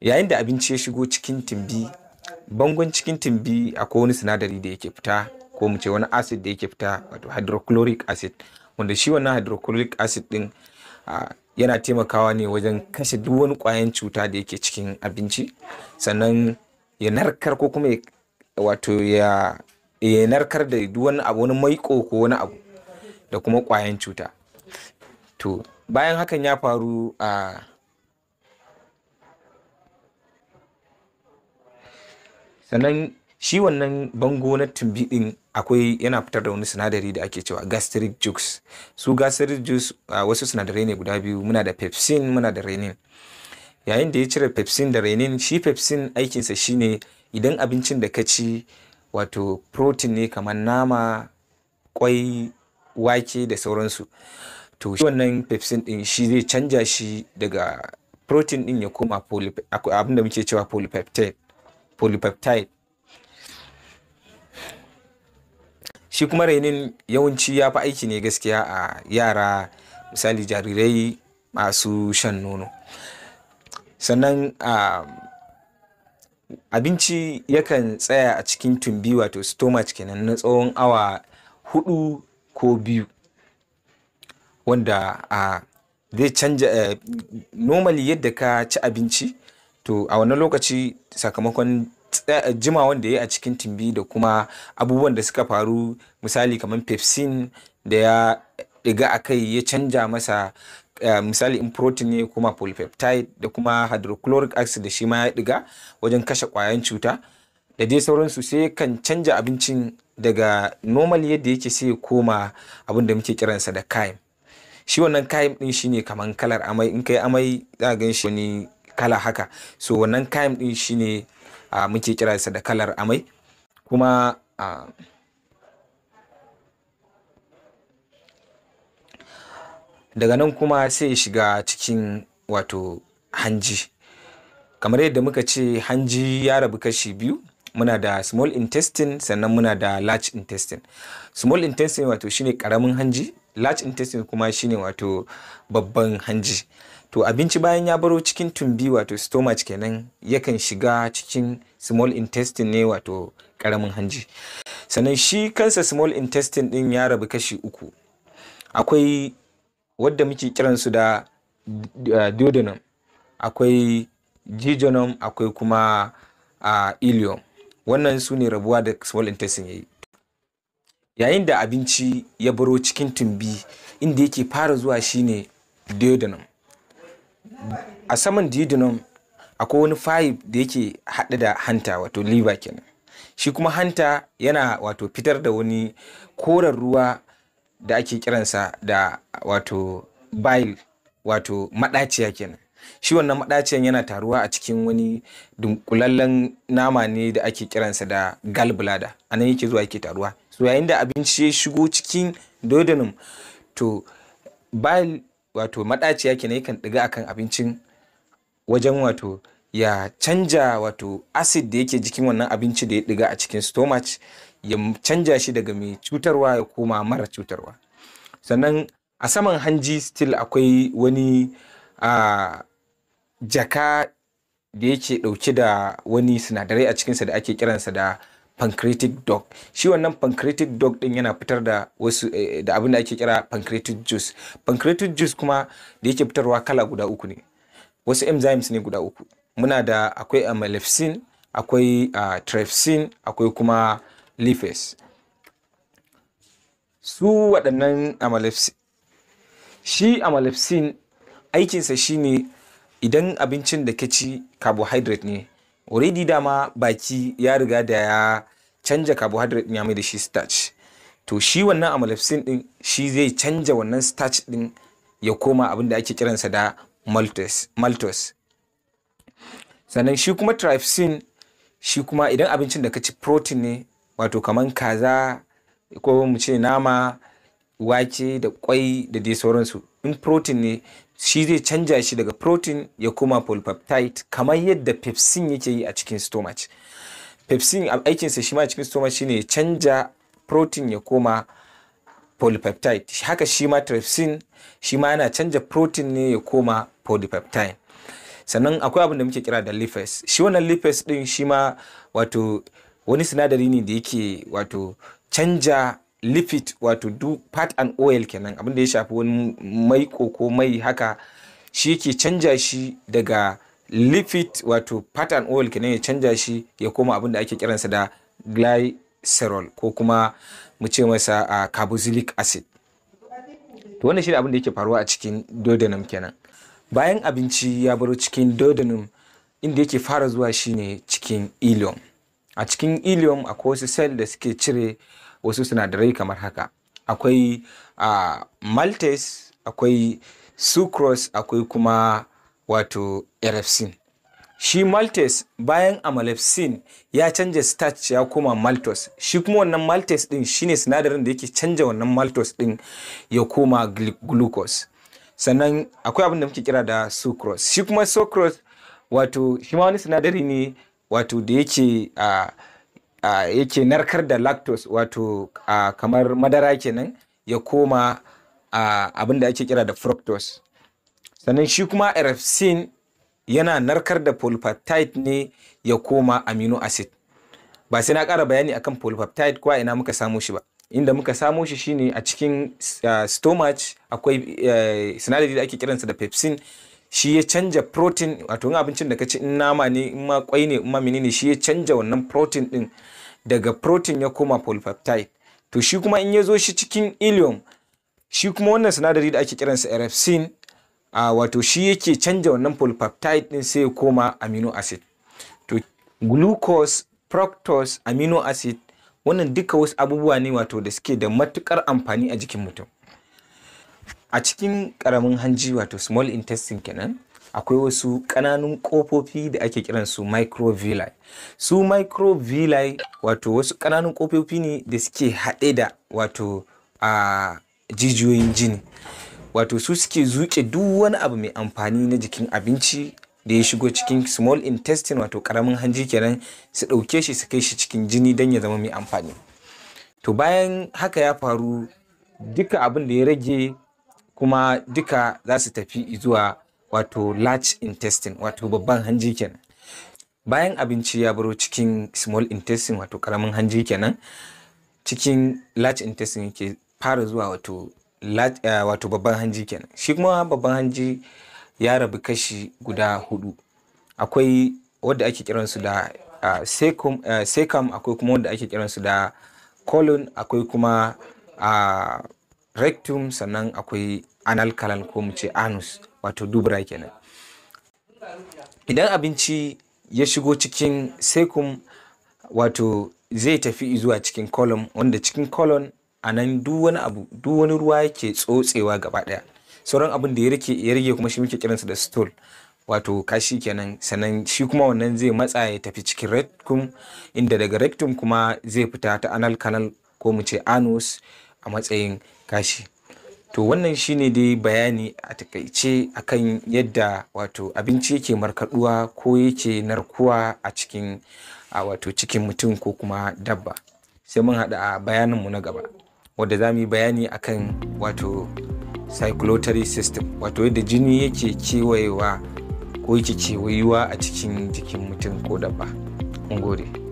yayin da abinci ya shigo cikin timbi, bangon cikin timbi akwai wani sinadari da yake fita ko mu ce wani acid da yake fita wato hydrochloric acid wanda shi wannan hydrochloric acid din yana taimakawa ne wajen kashe duk wani kwayan cuta da yake cikin abinci sannan ya narkar ko kuma wato ya narkar da duk wani abu wani maiko ko wani abu da kuma kwayan cuta to bayan hakan ya faru a sannan shi wannan bango na tumbi din akwai yana fitar da wani sinadari da ake cewa gastric juice su gastric juice ah, wasu sinadarai ne guda biyu muna da pepsin muna da renin yayin da ya cire pepsin da renin shi pepsin aikinsa shine idan abincin da ka ci wato protein ne kamar nama kwai wake da sauransu to shi wannan pepsin din shi zai canja shi daga protein din ya koma abinda muke cewa polypeptide polypeptide shi kuma rainin yawanci ya fi aiki ne gaskiya a yara misali jarirai masu shan nono sannan abinci yakan tsaya a cikin tumbi wato stomach kenan na tsawon awa hudu ko biyu wanda a zai canja eh, normally yadda ka ci abinci to a wannan lokaci sakamakon jimawan da ya yi a cikin timbi da kuma abubuwan da suka faru misali kamar pepsin da ya ɗiga a kai ya canja masa Uh, misali in protein ne kuma polypeptide da kuma hydrochloric acid da shi ma ya diga wajen kashe kwayan cuta da dai sauransu sai kan canja abincin daga normal yadda yake sai koma abin da muke kiransa da kayan shi wannan kayan din shine kamar kalar amai in kai amai za gan shi wani kala haka so wannan kayan din shine uh, muke sa da kalar amai kuma uh, daga nan kuma sai shiga cikin wato hanji kamar yadda muka ce hanji ya rabu kashi biyu muna da small intestine sannan muna da large intestine small intestine wato shine karamin hanji large intestine kuma shine wato babban hanji to abinci bayan ya baro cikin tumbi wato stomach kenan yakan shiga cikin small intestine ne wato karamin hanji sannan shi kansa small intestine din ya rabu kashi uku akwai wadda muke kiransu da duodenum akwai jejunum akwai kuma uh, wannan su ne rabuwa da small intestine yayi yayin da abinci ya baro cikin tumbi inda yake fara zuwa shine duodenum a saman duodenum akwai wani fayif da yake haɗe da hanta wato liver kenan shi kuma hanta yana wato fitar da wani koren ruwa da ake kiransa da wato bile wato maɗaciya kenan shi wannan maɗaciyan yana taruwa a cikin wani dunkulallen nama ne da ake kiransa da gallbladder a nan yake zuwa yake taruwa so yayin da abinci ya shigo cikin duodenum to bile wato maɗaciya kenan yakan ɗiga akan abincin wajen wato ya canja wato acid da yake jikin wannan abinci da ya ɗiga a cikin stomach ya canja shi daga mai cutarwa ya koma mara cutarwa sannan a saman hanji still akwai wani a jaka da yake ɗauke da wani sinadarai a cikinsa da ake kiransa da pancreatic dog shi wannan pancreatic dog din yana fitar da wasu eh, da abin da ake kira pancreatic juice pancreatic juice kuma da yake fitarwa kala guda uku ne wasu enzymes ne guda uku muna da akwai amylopsin akwai trypsin akwai kuma lipase su waɗannan amylopsin shi amylopsin aikinsa shine idan abincin da ke ci carbohydrate ne already dama baki ya riga da ya canja carbohydrate ya mai da shi starch to shi wannan amylopsin din shi zai canja wannan starch din ya koma abin da ake kiransa da maltose sannan shi kuma trypsin shi kuma idan abincin da ka ci protein ne wato kamar kaza ko mu ce nama wake da kwai da dai sauransu in protein ne shi zai canja shi daga protein ya koma polypeptide kamar yadda pepsin yake yi a cikin stomach pepsin aikinsa shi ma a cikin stomach shine ya canja protein ya koma polypeptide haka shi ma trypsin shi ma yana canja protein ne ya koma polypeptide sannan akwai abin da muke kira da lipase shi wannan lipase din shi ma wato wani sinadari ne da yake wato canja lipid wato fat and oil kenan abin da ya shafi wani mai ko mai haka shi ke canja shi daga lipid wato fat and oil kenan ya canja shi ya koma abinda da ake kiransa da glycerol ko kuma mu ce masa a carboxylic acid to wannan shi abin da yake faruwa a cikin dodanum kenan bayan abinci ya baro cikin dodanum inda yake fara zuwa shi ne cikin ilon. a cikin ilium akwai wasu sel da suke cire wasu sinadarai kamar haka akwai uh, maltase akwai sucrose akwai kuma wato erepsin shi maltase bayan amalepsin ya canja starch ya koma maltose shi kuma wannan maltase din shine sinadarin da yake canja wannan maltose din ya koma glucose sannan akwai abin da muke kira da sucrose shi kuma sucrose wato shi ma wani sinadari ne wato da yake a yake narkar da lactose wato kamar madara kenan ya koma abin da ake kira da fructose sannan shi kuma erepsin yana narkar da polypeptide ne ya koma amino acid ba sai na kara bayani akan polypeptide ko ina muka samo shi ba inda muka samo shi shine a cikin stomach akwai eh, sinadari da ake kiransa da pepsin shi ya canja protein wato abincin da ka ci in nama ne in ma kwai ne in ma menene shi ya canja wannan protein din daga protein ya koma polypeptide to shi kuma in ya zo shi cikin ilium shi kuma wannan sinadari da ake kiransa erepsin a wato shi yake canja wannan polypeptide din sai ya koma amino acid to glucose fructose amino acid wannan duka wasu abubuwa ne wato da suke da matukar amfani a jikin mutum a cikin ƙaramin hanji wato small intestine kenan akwai wasu ƙananun ƙofofi da ake kiran su microvilli su microvilli wato wasu ƙananun kofofi ne da suke haɗe da wato a jijiyoyin jini wato su suke zuke duk wani abu mai amfani na jikin abinci da ya shigo cikin small intestine wato ƙaramin hanji kenan su ɗauke shi su kai shi cikin jini don ya zama mai amfani to bayan haka ya faru duka abin da ya rage kuma duka za su tafi zuwa wato large intestine wato babban hanji kenan bayan abinci ya baro cikin small intestine wato karamin hanji kenan cikin large intestine yake fara zuwa wato uh, wato babban hanji kenan shi kuma babban hanji ya rabu kashi guda hudu akwai wadda ake kiransu da uh, akwai kuma wadda ake kiransu da colon akwai kuma uh, rectum sannan akwai anal canal ko mu ce anus wato dubura kenan idan abinci ya shigo cikin secum wato zai tafi zuwa cikin colon wanda cikin colon a nan duk wani ruwa yake tsotsewa gaba daya sauran abin da ya ya rage kuma shi muke kiransa da stool wato kashi kenan sannan shi kuma wannan zai matsa ya tafi cikin rectum inda daga rectum kuma zai fita ta anal canal ko mu ce anus a matsayin kashi to wannan shine dai bayani a takaice akan yadda wato abinci yake markaduwa ko yake narkuwa a cikin a wato cikin mutum ko kuma dabba sai mun haɗa a bayaninmu na gaba wadda za mu yi bayani akan wato circulatory system wato yadda jini yake kewayewa ko yake kewayewa a cikin jikin mutum ko dabba mun gode